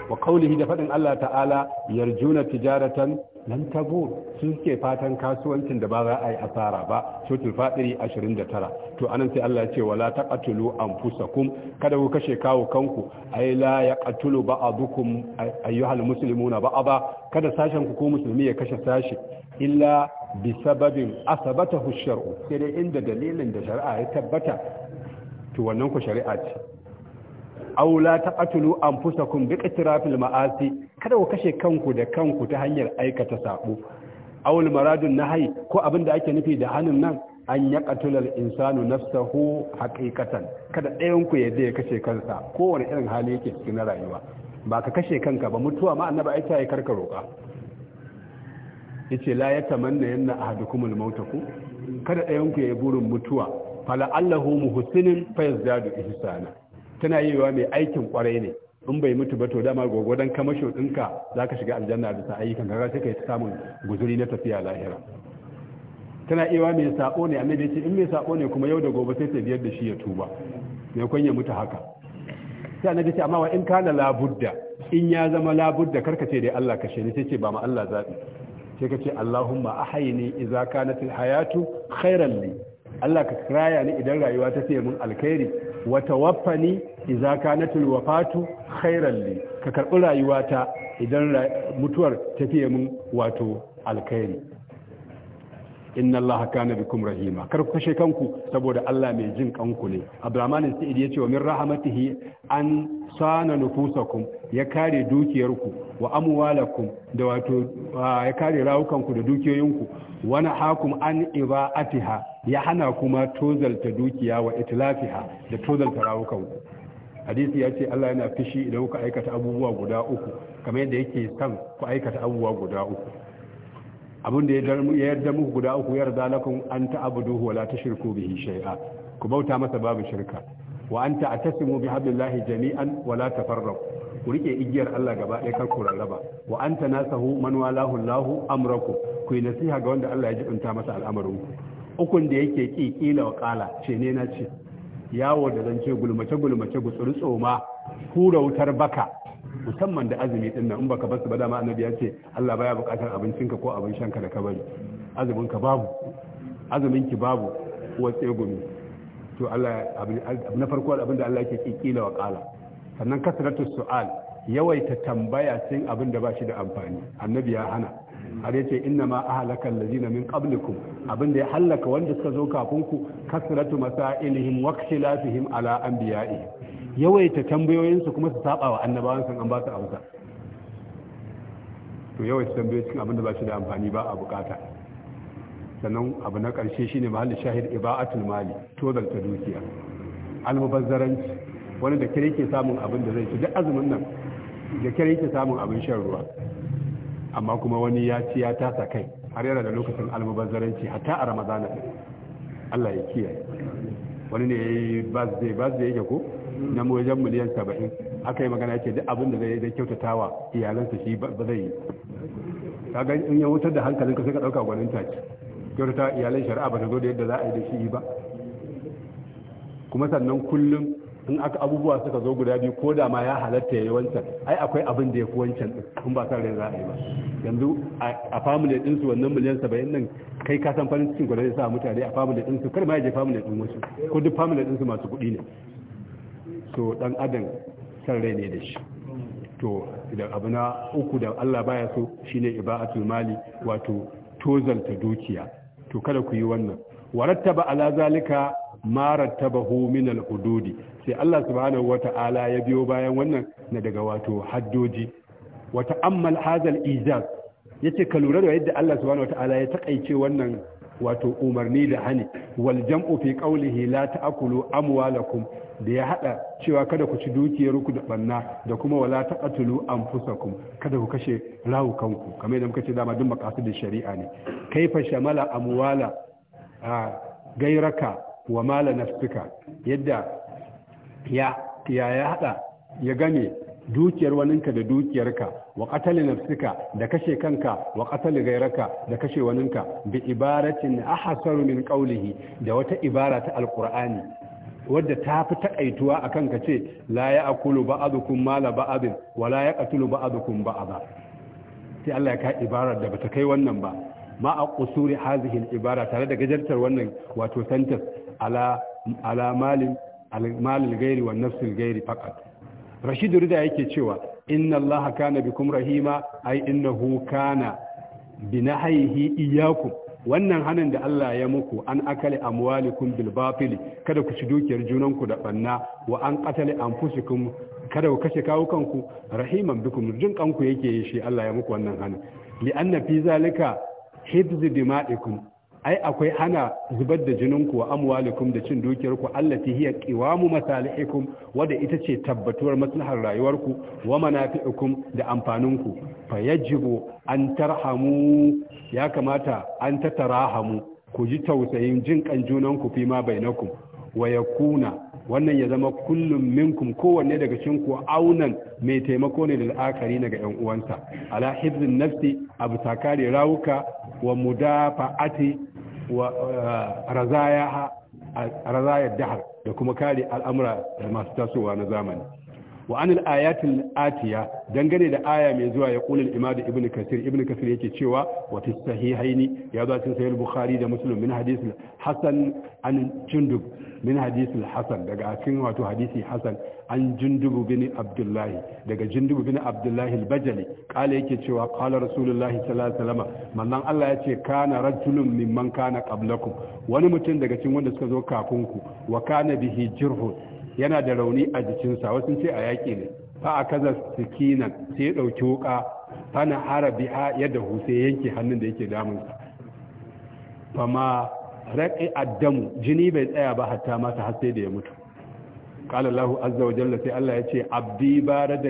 wa qawlihi da fadin Allah ta'ala yarjuna tijaratan lan tabur sun suke fatan kasuwancin da ba za a yi asara ba ashirin da 29 to anan sai Allah ya ce wala taqatulu anfusakum kada ku kashe kawo kanku ai la yaqtulu ba'dukum ayyuhal muslimuna ba'da kada sashen ku ko musulmi ya kashe sashi illa bi sababin asabatahu shar'u sai dai inda dalilin da shari'a ya tabbata to wannan ku shari'a ce Aula ta aw la taqtulu kun bi qitrafil ma'asi kada ku kashe kanku da kanku ta hanyar aikata sabo awul maradun hai ko abin da ake nufi da hannun nan an ya qatulal insanu nafsahu haqiqatan kada ɗayan ku yadda ya kashe kansa kowane irin hali yake cikin rayuwa ba ka kashe kanka ba mutuwa ma annaba ai ta yi karka roka yace la tamanna yanna ahadukumul mautaku kada ɗayan ku yayi burin mutuwa fala allahu muhsinin fayazdadu ihsana tana yiwa mai aikin kwarai ne in bai mutu ba to dama gwagwadon kamasho ɗinka za ka shiga aljanna da ayyukan kaga sai ka yi samun guzuri na tafiya lahira tana iwa mai sako ne annabi ce in mai sako ne kuma yau da gobe sai ta biyar da shi ya tuba mai kun ya mutu haka sai annabi ce amma wa in kana labudda in ya zama labudda karka ce dai Allah kashe ni sai ce ba ma Allah zabi sai ka ce Allahumma ahayni idza kanatil hayatu khairan li Allah ka raya ni idan rayuwa ta fiye mun alkhairi Wata wa tawaffani idza kanatul tulwafatu khairan li ka karɓi rayuwata idan mutuwar tafiye mun wato alkhairi inna allaha kana bikum rahima kar ku kashe kanku saboda Allah mai jin kanku ne Abdurrahman Sa'id ya ce wa min rahmatihi an sana nufusakum ya kare dukiyarku wa amwalakum da wato ya kare rawukanku da dukiyoyinku wa nahakum an iba'atiha ya hana kuma tozalta dukiya wa itlafiha da tozalta rawukanku hadisi ya ce Allah yana fishi idan kuka aikata abubuwa guda uku kamar yadda yake son ku aikata abubuwa guda uku abin da ya yarda muku guda uku 'yar lakum an ta'buduhu wa la tushriku bihi shay'a ku bauta masa babu shirka wa anta atasimu bi hablillahi jami'an wa la tafarraqu ku rike igiyar Allah gaba ɗaya kar ku rarraba wa anta nasahu man walahu Allahu amrakum ku yi nasiha ga wanda Allah ya jibinta masa al'amarin ku ukun da yake ki kila wa kala ce ne na ce yawo da zance gulmace gulmace gutsuri tsoma hura wutar baka musamman da azumi din nan in baka bar su ba dama annabi ya ce Allah baya bukatar ka ko abin shan ka da ka bari azumin ka babu azumin ki babu kuwa tsegumi to Allah na farko abin da Allah yake kikila wa kala sannan kasratu su'al yawaita tambaya cin abin da ba shi da amfani annabi ya hana har yace inna ma ahlakal ladina min qablikum abin da ya halaka wanda suka zo kafin ku kasratu masailihim wa ikhtilafihim ala anbiya'i yawaita tambayoyin su kuma su saba wa annabawan san an ba su amsa to yawaita tambayoyin cikin abin da ba shi da amfani ba a bukata sannan abu na karshe shine mahallin shahid iba'atul mali ta dukiya almubazzaranci wani da kare ke samun abin da zai ci duk azumin nan da kare ke samun abin shan ruwa amma kuma wani ya ci ya tasa kai har yana da lokacin almubazzaranci hatta a ramadana Allah ya kiyaye wani ne ya yi birthday birthday yake ko na wajen miliyan saba'in aka yi magana yake duk abin da zai da kyautatawa iyalansa shi ba zai yi ga in ya wutar da hankalin ka sai ka dauka gwanin taki kyautata iyalan shari'a ba ta zo da yadda za a yi da shi ba kuma sannan kullum in aka abubuwa suka zo guda biyu ko da ma ya halatta ya yi wancan ai akwai abin da ya fi wancan din kun ba san rai za a yi ba yanzu a family din su wannan miliyan saba'in nan kai ka san farin cikin gwada ya sa mutane a family din su kar ma ya je family din wasu ko duk family din masu kuɗi ne so dan adam san rai ne da shi to idan abu na uku da Allah baya so shine ibaatul mali wato tozalta dukiya to kada ku yi wannan warattaba ala zalika marattabahu min al-hududi sai Allah subhanahu wata'ala ya biyo bayan wannan na daga wato haddoji wa ta'ammal hadha al-ijaz yace ka lura da yadda Allah subhanahu wata'ala ya takaice wannan wato umarni da hani wal jam'u fi qawlihi la ta'kulu amwalakum da ya hada cewa kada ku ci dukiyar ku da banna da kuma wala taqatulu anfusakum kada ku kashe rawukanku kamar yadda muka ce dama duk maqasidin shari'a ne kaifa shamala amwala gairaka wa mala nafsika yadda ya ya ya hada ya game dukiyar waninka da dukiyarka wa qatala nafsika da kashe kanka wa qatala gairaka da kashe waninka bi ibaratin ahsaru min qawlihi da wata ibara ta alqur'ani wadda ta fi takaituwa akan kanka ce la ya akulu ba'adukum mala ba'adin wa la ya qatulu ba'adukum ba'ada sai Allah ya ka ibarar da bata kai wannan ba ma a kusuri hazihin ibara tare da gajartar wannan wato sentence ala ala malin gairi wa nafsin gairi fakat rashidu rida yake cewa inna allah kana bikun rahima ai innahu kana haihi iyyakum wannan hanin da Allah ya muku an akali amwalikum bil Bilbafili, kada ku ci dukiyar junanku da banna wa an qatali anfusikum kada ku kashe kawo kanku rahiman bikum jin kanku yake yi shi Allah ya muku wannan hanin li anna fi zalika dimaikum ai akwai hana zubar da jinin ku amwalikum da cin dukiyar ku allati hiya qiwamu masalihikum wanda ita ce tabbatuwar maslahar rayuwar ku wa manafi'ikum da amfanin ku Fa yajibu an tarhamu ya kamata an tatarahamu ku ji tausayin jin kan junan ku fi ma bainakum wa yakuna wannan ya zama kullum minkum kowanne daga cikin ku aunan mai taimako ne da la'akari daga yan uwansa ala hifzin nafsi abu kare rawuka wa mudafa'ati wa eh, razaya dahar da kuma kare al'amura da masu tasowa na zamani wa anil ayatil atiya dangane da aya mai zuwa ya kulul imadu ibn kasir ibn kasir yake cewa wata sahihaini ya za su sayar bukhari da muslim min hadith hasan an jundub min hadith hasan daga cikin wato hadisi hasan an jundub bin abdullahi daga jundub bin abdullahi al-bajali kala yake cewa qala rasulullahi sallallahu alaihi wasallam mannan Allah yace kana rajulun mimman kana qablakum wani mutum daga cikin wanda suka zo ku, wa kana bihi jirhun yana da rauni a jikinsa wasu ce a yaƙi ne fa a kaza sikina sai ya ɗauki wuƙa fana hara a yadda huse yanke hannun da yake damunsa fa ma raƙi addamu jini bai tsaya ba hatta masa har sai da ya mutu qala Allahu azza wa jalla sai Allah ya ce abdi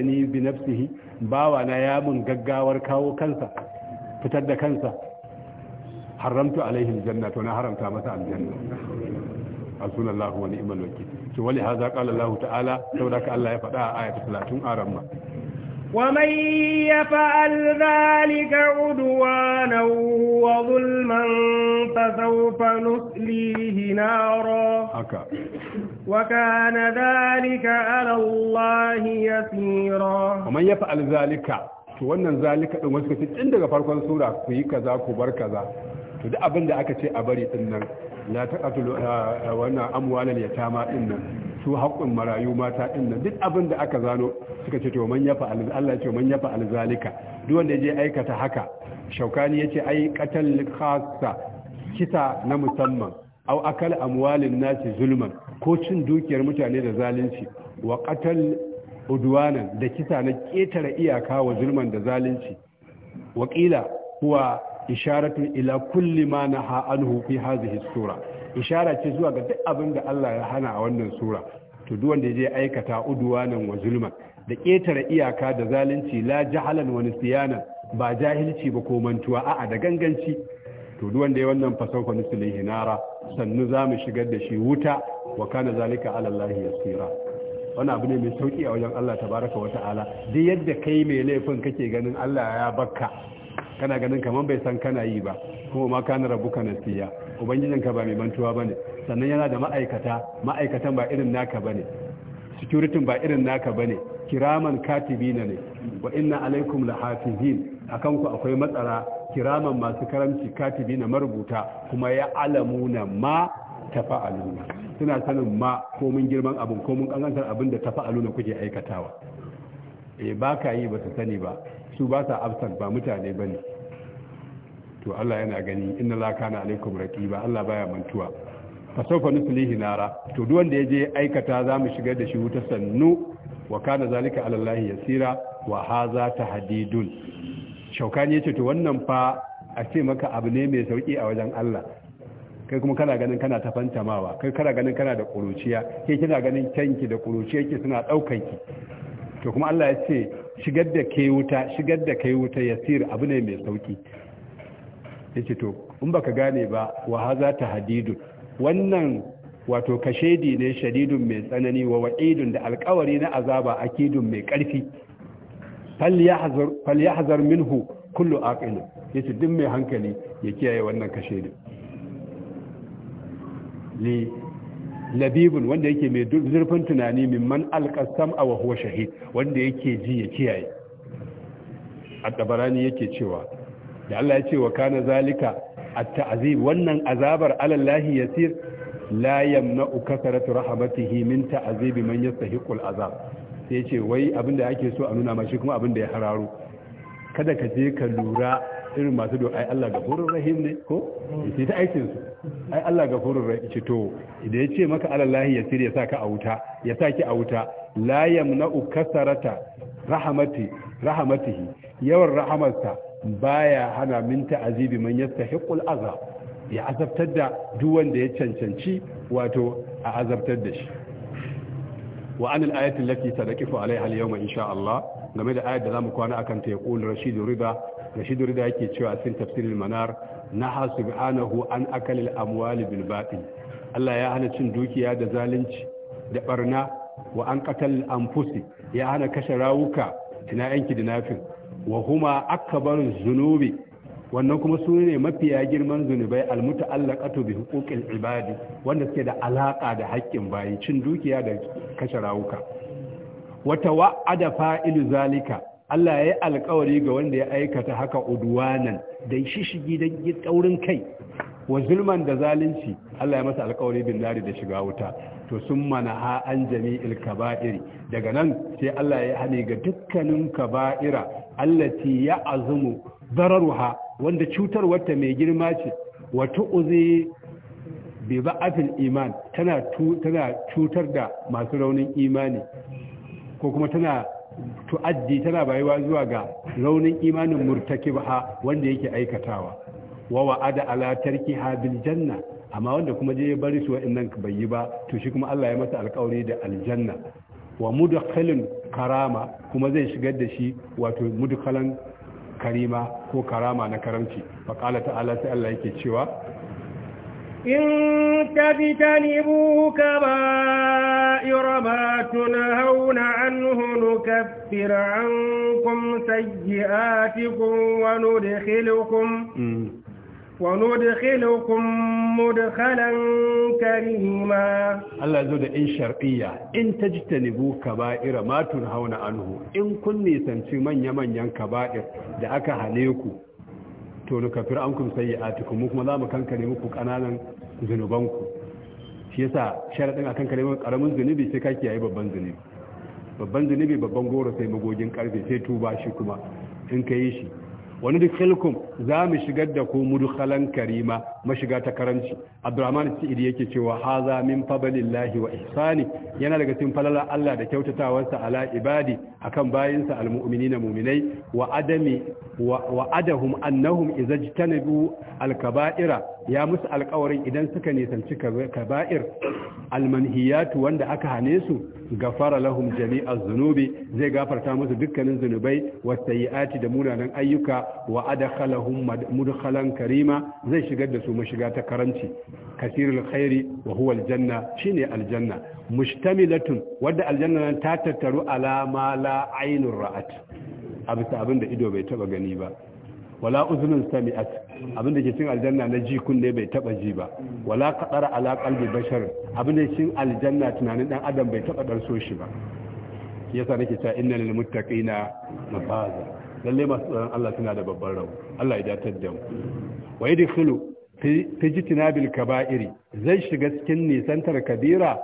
ni bi nafsihi bawa na ya mun gaggawar kawo kansa fitar da kansa haramtu alaihim janna to na haramta masa aljanna hasbunallahu wani iman wakeel to wani haza qala ta'ala saboda ka Allah ya faɗa a ayatu talatin a ramma ومن يفعل ذلك عدوانا وظلما فسوف نسليه نارا وكان ذلك على الله يسيرا ومن يفعل ذلك wannan zalika ɗin wasu kace ɗin daga farkon sura ku yi kaza ku bar kaza to duk abin da aka ce a bari din nan la taqatul ah, ah, wannan amwalal yatama din nan su haƙƙin marayu mata din nan duk abin da aka zano suka ce to man yafa Allah ya ce man yafa alzalika duk wanda ya je aikata haka shaukani yace ai qatal khassa kisa na musamman au akal amwalin nasi zulman ko cin dukiyar mutane da zalunci wa qatal udwanan da kisa na ketare iyaka wa zulman da zalunci wakila huwa isharatun ila kulli ma naha anhu fi hadhihi sura ishara ce zuwa ga duk abin da Allah ya hana a wannan sura to duk wanda ya aikata udwanan wa zulman da ketare iyaka da zalunci la jahalan wa nisyana ba jahilci ba ko mantuwa a'a da ganganci to duk wanda ya wannan fasan fa nara sannu zamu shigar da shi wuta wa kana zalika ala Allah yasira wani abu ne mai sauki a wajen Allah tabaraka wa ta'ala duk yadda kai mai laifin kake ganin Allah ya bakka kana ganin kamar bai san kana yi ba kuma ma kana siya ubangijin ka ba mai mantuwa bane sannan yana da ma'aikata ma'aikatan ba irin naka bane security ba irin naka bane kiraman katibina ne wa inna alaikum lahafizin akan ku akwai matsara kiraman masu karamci na marubuta kuma ya alamuna ma tafa'aluna suna sanin ma ko mun girman abin mun kankantar abin da tafa'aluna kuke aikatawa eh ba ka yi ba su sani ba su ba sa absent ba mutane ba ne to Allah yana gani inna la kana alaikum raqiba Allah baya mantuwa fa sawfa nuslihi nara to duk wanda yaje aikata zamu shigar da shi wuta sannu wa kana zalika ala Allah yasira wa hadha tahdidun shaukani yace to wannan fa a ce maka abu ne mai sauki a wajen Allah kai kuma kana ganin kana ta fantamawa kai kana ganin kana da kuruciya kai kina ganin kanki da kuruciyarki suna daukan ki to kuma Allah ya ce shigar da kai wuta shigar da kai wuta yasir abu ne mai sauki yace to in baka gane ba wa haza tahdidu wannan wato kashedi ne shadidun mai tsanani wa wa'idun da alkawari na azaba akidun mai karfi fal yahzar minhu kullu aqil yace duk mai hankali ya kiyaye wannan kashedi li labibun wanda yake mai zurfin tunani mimman alƙasam a wahuwa shahid wanda yake ji ya kiyaye a tabarani yake cewa da Allah ya ce wa kana zalika a tazib wannan azabar alallahi yasir la yamna'u kasaratu rahmatihi min ta'azibi man yastahiqu al-azab sai ce wai abinda ake so a nuna mashi kuma abinda ya hararo kada ka je ka lura irin masu do ai Allah gafurur rahim ne ko sai ta aikin su ai Allah gafurur rahim ce to idan yace maka alallahi ya sirri ya saka a wuta ya saki a wuta la yamna'u kasarata rahamati rahamatihi yawan rahamarsa baya hana minta azibi man yastahiqul azab ya azabtar da duk wanda ya cancanci wato a azabtar da shi wa an al-ayati allati sadaqifu alaiha al-yawma insha Allah game da ayat da zamu kwana akan ta yaqul rashidu riba da shi da yake cewa sun tafsirin manar na naha anahu an akalil amwali bil Allah ya hana cin dukiya da zalunci da barna wa an qatal anfusi ya hana kashe rawuka ina yanki da nafin wa huma akbarun zunubi wannan kuma su ne mafiya girman zunubai al-mutu almuta'allaqatu bi huquqil ibadi wanda suke da alaƙa da haƙƙin bayi cin dukiya da kashe rawuka wata wa'ada fa'ilu zalika Allah ya yi alkawari ga wanda ya aikata haka uduwanan da shishigi da taurin kai wa zulman da zalunci Allah ya masa alkawari bin nari da shiga wuta to sun mana ha an jami'il kaba'iri daga nan sai Allah ya hane ga dukkanin kaba'ira allati ya azumu dararuha wanda wata mai girma ce wa tu'uzi bi ba'atil iman tana tana cutar da masu raunin imani ko kuma tana tu'addi tana bayuwa zuwa ga raunin imanin murtaki murtakibha wanda yake aikatawa wa wa'ada ala ha bil janna amma wanda kuma je ya bari su wa'annan bai yi ba to shi kuma Allah ya masa alƙawari da aljanna wa mudakhalin karama kuma zai shigar da shi wato mudakhalan karima ko karama na karamci fa qala ta'ala sai Allah yake cewa إن تجتنبوا كبائر ما تنهون عنه نكفر عنكم سيئاتكم وندخلكم وندخلكم مدخلا كريما الله يزود إن شرقية إن تجتنبوا كبائر ما تنهون عنه إن كني سنتي من يمن ينكبائر دعك هنيكم to nuka kafir an kun sayi a mu kuma za mu kankare muku ƙananan zunubanku shi yasa sharaɗin a kankare muku ƙaramin zunubi sai ka kiyaye babban zunubi babban zunubi babban goro sai magogin ƙarfe sai tuba shi kuma in ka yi shi wani hilkum za mu shigar da ku mudukhalan karima mashiga ta karanci abdurrahman sa'idi yake cewa haza min fadlillahi wa ihsani yana daga cikin falalar Allah da kyautatawarsa ala ibadi akan bayinsa almu'minina mu'minai wa adami wa adahum annahum idza jtanabu alkaba'ira ya musu alƙawarin idan suka nisanci kaba'ir almanhiyatu wanda aka hane su gafara lahum jami'az zunubi zai gafarta musu dukkanin zunubai wa sayyi'ati da munanan ayyuka wa adkhalahum mudkhalan karima zai shigar da su mashiga ta karanci kasirul khairi wa huwa aljanna shine aljanna mushtamilatun wadda aljanna ta tattaru ala ma la ainur ra'at ido bai taba gani ba wala uzunin sami'at abin da ke cin aljanna na ji kunne bai taba ji ba wala kadara ala kalbi bashar abin da cin aljanna tunanin dan adam bai taba so shi ba yasa nake cewa innal lil muttaqina mafaza lalle masu tsaron Allah suna da babban rawa Allah ya datar da mu wa yadkhulu fi jitnabil kaba'iri zai shiga cikin nisantar kabira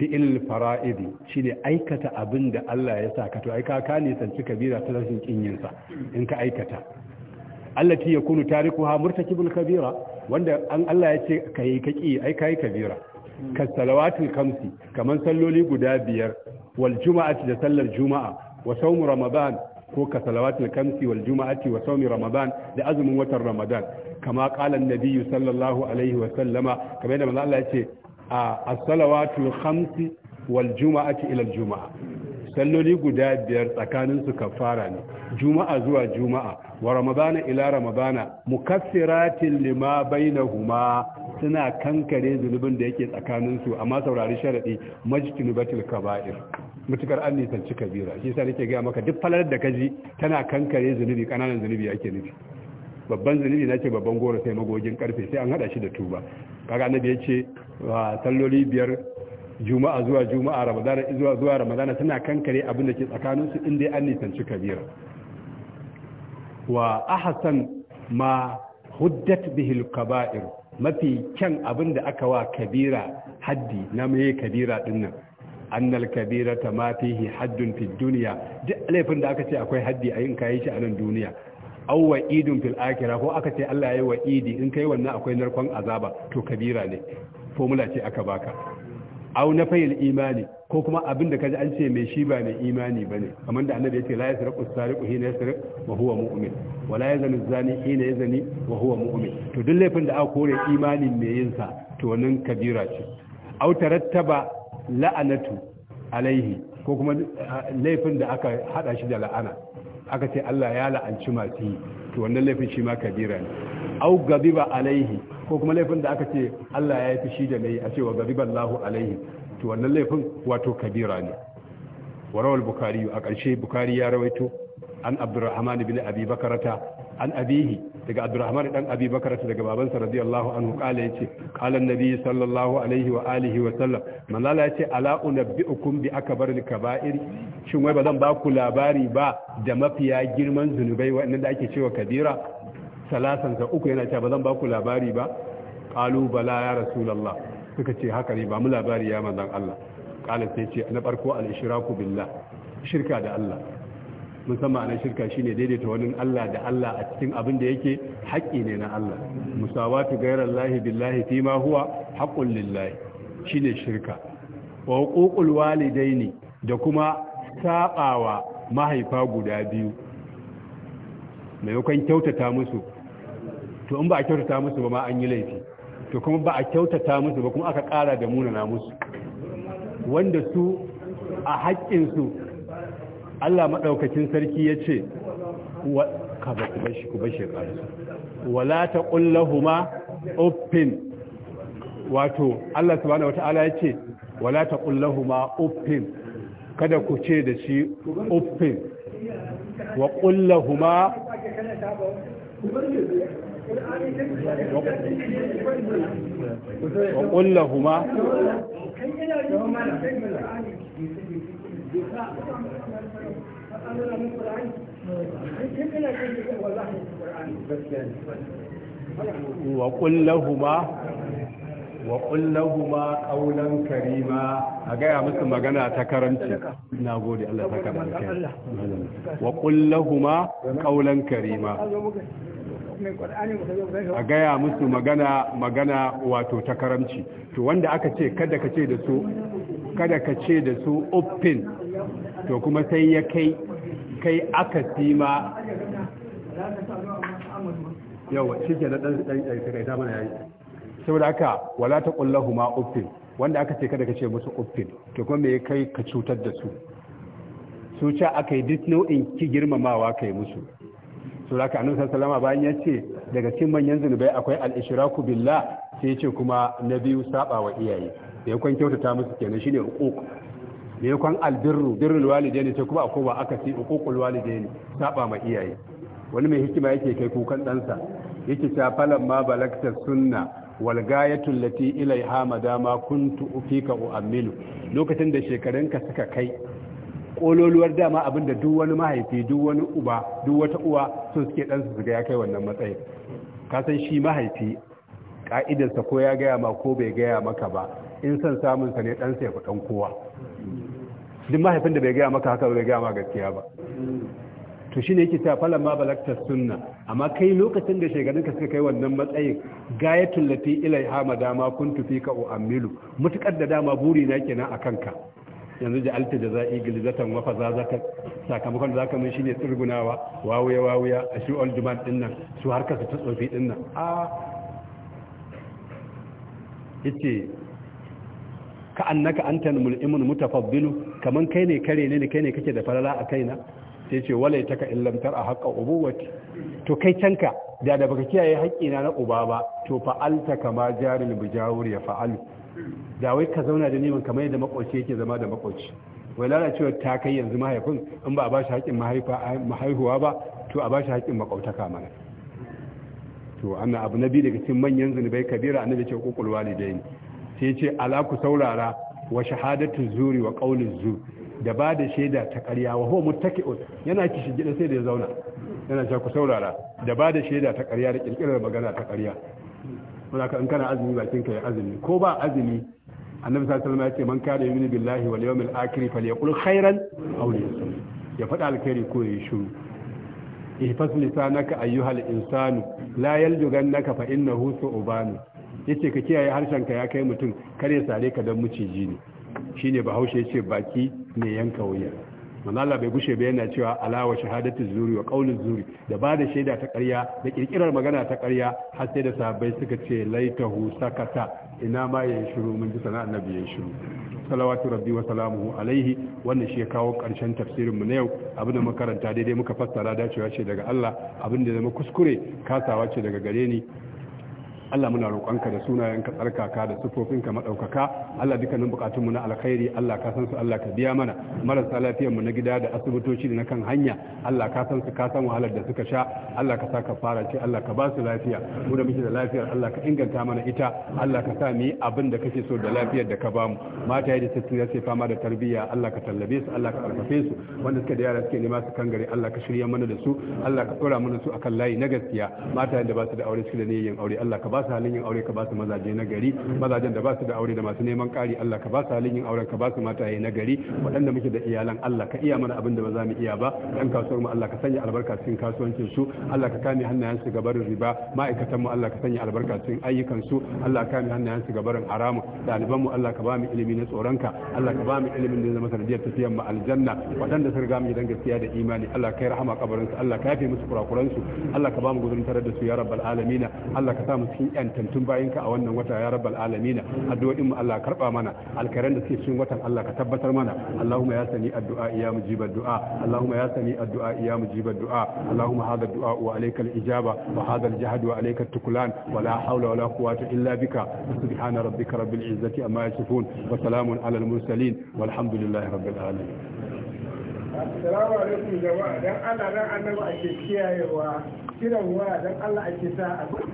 il fara'idi shine aikata abin da Allah ya saka to ai ka ka nisanci kabira ta rashin kinyinsa in ka aikata allati yakunu tarikuha murtakibul kabira wanda an Allah ya ce kai kaki ai kai kabira ka salawatul kamsi kaman salloli guda biyar wal juma'ati da sallar juma'a wa sawm ramadan ko ka salawatul kamsi wal juma'ati wa sawm ramadan da azumin watan ramadan kama qala an sallallahu alaihi wa sallama kamar da manzo Allah ya ce as-salawatul Kamsi wal juma'ati ila al-juma'a salloli guda biyar tsakanin su kafara ne juma'a zuwa juma'a wa ramadana ila ramadana mukassiratin lima bainahuma suna kankare zulubin da yake tsakanin su amma saurari sharadi batil kaba'ir mutukar an nisanci kabira shi yasa nake ga maka duk falalar da kaji tana kankare zunubi kananan zunubi yake nufi babban zunubi nace babban goro sai magogin karfe sai an hada shi da tuba kaga annabi yace ce salloli biyar juma'a zuwa juma'a ramadana zuwa zuwa ramadana tana kankare abin da ke tsakaninsu in dai an nisanci kabira wa ahsan ma huddat bihil kaba'ir mafi kyan abin da aka wa kabira haddi na mai kabira dinnan annal kabira ta ma fihi haddun fi duk laifin da aka ce akwai haddi a yin kayi shi a nan duniya au wa idun ko aka ce Allah ya yi wa'idi? idi in kai wannan akwai narkon azaba to kabira ne formula ce aka baka Au na fayil imani ko kuma abin da kaji an ce mai shi ba mai imani ba ne kamar da annabi ya ce la ya saraku hina ya sarik wa huwa mu'min wa la ya zani hina ya zani wa huwa mu'min to duk laifin da aka kore imani mai yin sa to wannan kabira ce au tarattaba la'anatu alaihi ko kuma laifin da aka hada shi da la'ana aka ce Allah ya la'anci masu yi to wannan laifin shi ma kabira ne au gaziba alaihi ko kuma laifin da aka ce Allah ya yi fushi da nayi a cewa gaziba Allahu alaihi to wannan laifin wato kabira ne warawal Bukhari a ƙarshe Bukhari ya rawaito an abdurrahman bin abi bakarata an abihi daga abdurrahman dan abi bakar daga babansa radiyallahu anhu kala yace kala annabi sallallahu alaihi wa alihi wa sallam manala yace ala unabbiukum bi akbar al kaba'ir shin wai bazan ba ku labari ba da mafiya girman zunubai wanda da ake cewa kabira salasan ta uku yana cewa bazan ba ku labari ba qalu bala ya rasulullah suka ce haka ne ba mu labari ya manzon Allah kala sai ce na farko al ishraku billah shirka da Allah musamman na shirka shine daidaita wani Allah da Allah a cikin abin da yake haƙƙi ne na Allah musawatu gairar lahi billahi fi ma huwa haƙƙun lillahi shine shirka wa huququl walidaini da kuma saɓawa mahaifa guda biyu maimakon kyautata musu to in ba a kyautata musu ba ma an yi laifi to kuma ba a kyautata musu ba kuma aka ƙara da munana musu wanda su a haƙƙinsu Allah maɗaukakin sarki ya ce ka ba ku bashi ku bashi ƙarsu wala ta ƙullahuma uffin wato Allah subhanahu wata'ala ya ce wala ta ƙullahuma uffin kada ku ce da shi uffin wa ƙullahuma wa ƙullahuma nuna min Qur'ani karima a gaya musu magana ta karamci na gode Allah ta karamci wa qul lahumu qawlan karima a gaya musu magana magana wato ta karamci to wanda aka ce kada ka ce da open to kuma sai ya kai kai aka ma yawa shi ke na ɗan ɗan ta mana yayi saboda haka wala ta ƙullahu ma uffin wanda aka ce kada ka ce musu uffin to kuma me kai ka cutar da su su ce aka yi duk nau'in ki girmamawa kai musu su da ka annabi bayan ya ce daga cin manyan zunubai akwai al-ishraku billah sai ya ce kuma na biyu saba wa iyaye da ya kwan kyautata musu kenan shine uquq me yakon albirru birrul walidaini sai kuma akwai kowa aka ci uququl walidaini saba ma iyaye wani mai hikima yake kai kukan ɗansa yake ta falan ma balagta sunna wal gayatul lati ilaiha madama kuntu ufika u aminu lokacin da shekarunka suka kai kololuwar dama abinda duk wani mahaifi duk wani uba duk wata uwa so suke dan su ga ya kai wannan matsayin ka san shi mahaifi ka'idarsa ko ya gaya ma ko bai gaya maka ba in san samunsa ne dan ya fi ɗan kowa duk mahaifin da bai gaya maka haka bai gaya ma gaskiya ba to shine yake ta falan ma balagta sunna amma kai lokacin da shekarunka suka kai wannan matsayin gayatul lati ha madama kuntu fika uamilu mutukar da dama buri na kenan akan ka yanzu ji alta jaza'i za'i gilzatan wa fazazaka sakamakon da zaka mun shine tsirgunawa wawuya wawuya a shi all juman su harka su tsofi din nan a yace ka annaka antal mul'imun mutafaddilu kaman kai ne kare ne kai ne kake da falala a kaina sai ce walai taka illam tar a ubuwati to kai canka da da baka kiyaye haƙƙina na uba ba to fa'alta kama jarin bujawur ya fa'alu da wai ka zauna da neman kamar yadda makoci yake zama da makoci wai lalacewa ta kai yanzu mahaifin in ba a ba shi haƙƙin mahaihuwa ba to a ba shi haƙƙin makautaka mana to anna abu na daga cikin manyan zunubai kabira annabi ce kokul walidaini sai ce ala ku saurara wa shahadatu zuri wa qaulu zu da ba da shaida ta ƙarya wa huwa muttaki'un yana kishi gida sai da ya zauna yana cewa ku saurara da ba da shaida ta ƙarya da kirkirar magana ta ƙarya muna ka in kana azumi bakin ka ya azumi ko ba azumi annabi sallallahu alaihi wasallam ya ce man kana billahi wal yawmil akhir falyaqul khairan aw ya fada alkhairi ko ya shiru ihfas lisanaka ayyuhal insanu la yaljuganaka fa innahu su'banu ya ce ka kiyaye harshenka ya kai mutum kare sare ka dan muciji ne shine bahaushe ce baki ne yanka wuya manala bai gushe ba yana cewa alawa shahadatu zuri wa qaulu zuri da ba da shaida ta karya da kirkirar magana ta karya har sai da sahabbai suka ce laitahu sakata ina ma ya shiru mun ji sana'a annabi ya shiru salawatu rabbi wa salamuhu alaihi wannan shi ya kawo ƙarshen tafsirin mu na yau abinda muka karanta daidai muka fassara dacewa ce daga Allah abinda zama kuskure kasawa ce daga gare ni Allah muna roƙonka da sunayenka tsarkaka da sufofinka maɗaukaka Allah dukkanin buƙatunmu na alkhairi Allah ka san su Allah ka biya mana marasa lafiyarmu na gida da asibitoci da na kan hanya Allah ka san su ka san wahalar da suka sha Allah ka sa ka fara ce Allah ka ba su lafiya mu da muke da lafiyar Allah ka inganta mana ita Allah ka sa mu abin da kake so da lafiyar da ka ba mu mata da tattu ya ce fama da tarbiyya Allah ka tallabe su Allah ka karfafe su wanda suka da yara suke nema su kan gari Allah ka shirya mana da su Allah ka tsora mana su akan layi na gaskiya mata da ba su da aure suke da niyyar aure Allah ka ba ba su halin yin aure ka ba su mazaje na gari mazajen da ba su da aure da masu neman ƙari Allah ka ba su halin yin auren ka ba su mataye na gari waɗanda muke da iyalan Allah ka iya mana abin da ba za mu iya ba ɗan kasuwar mu Allah ka sanya albarka cikin kasuwancin su Allah ka kame hannayen su gabarin riba ma'aikatan mu Allah ka sanya albarka cikin ayyukan su Allah ka kame hannayen su gabarin haramu ɗaliban mu Allah ka ba mu ilimi na tsoronka Allah ka ba mu ilimin da zama sanadiyar tafiyar mu aljanna waɗanda sun riga mu gidan gaskiya da imani Allah ka yi rahama kabarin su Allah ka yafe musu kurakuran su Allah ka ba mu gudun tare da su ya rabbal alamina Allah ka sa mu cikin cikin bayan ka a wannan wata ya rabbal alamina addu'o'in mu Allah karba mana alkaran da suke cikin watan Allah ka tabbatar mana Allahumma ya sani addu'a ya mujibar du'a Allahumma ya sani addu'a ya mujibar du'a Allahumma hadha du'a wa alayka al-ijaba wa hadha al-jahd wa alayka at-tuklan wa la hawla wa la quwwata illa bika subhana rabbika rabbil izzati amma yasifun wa salamun ala al-mursalin walhamdulillahi rabbil alamin Assalamu alaikum jama'a dan Allah dan annabi ake kiyayewa kiran waya dan Allah ake sa a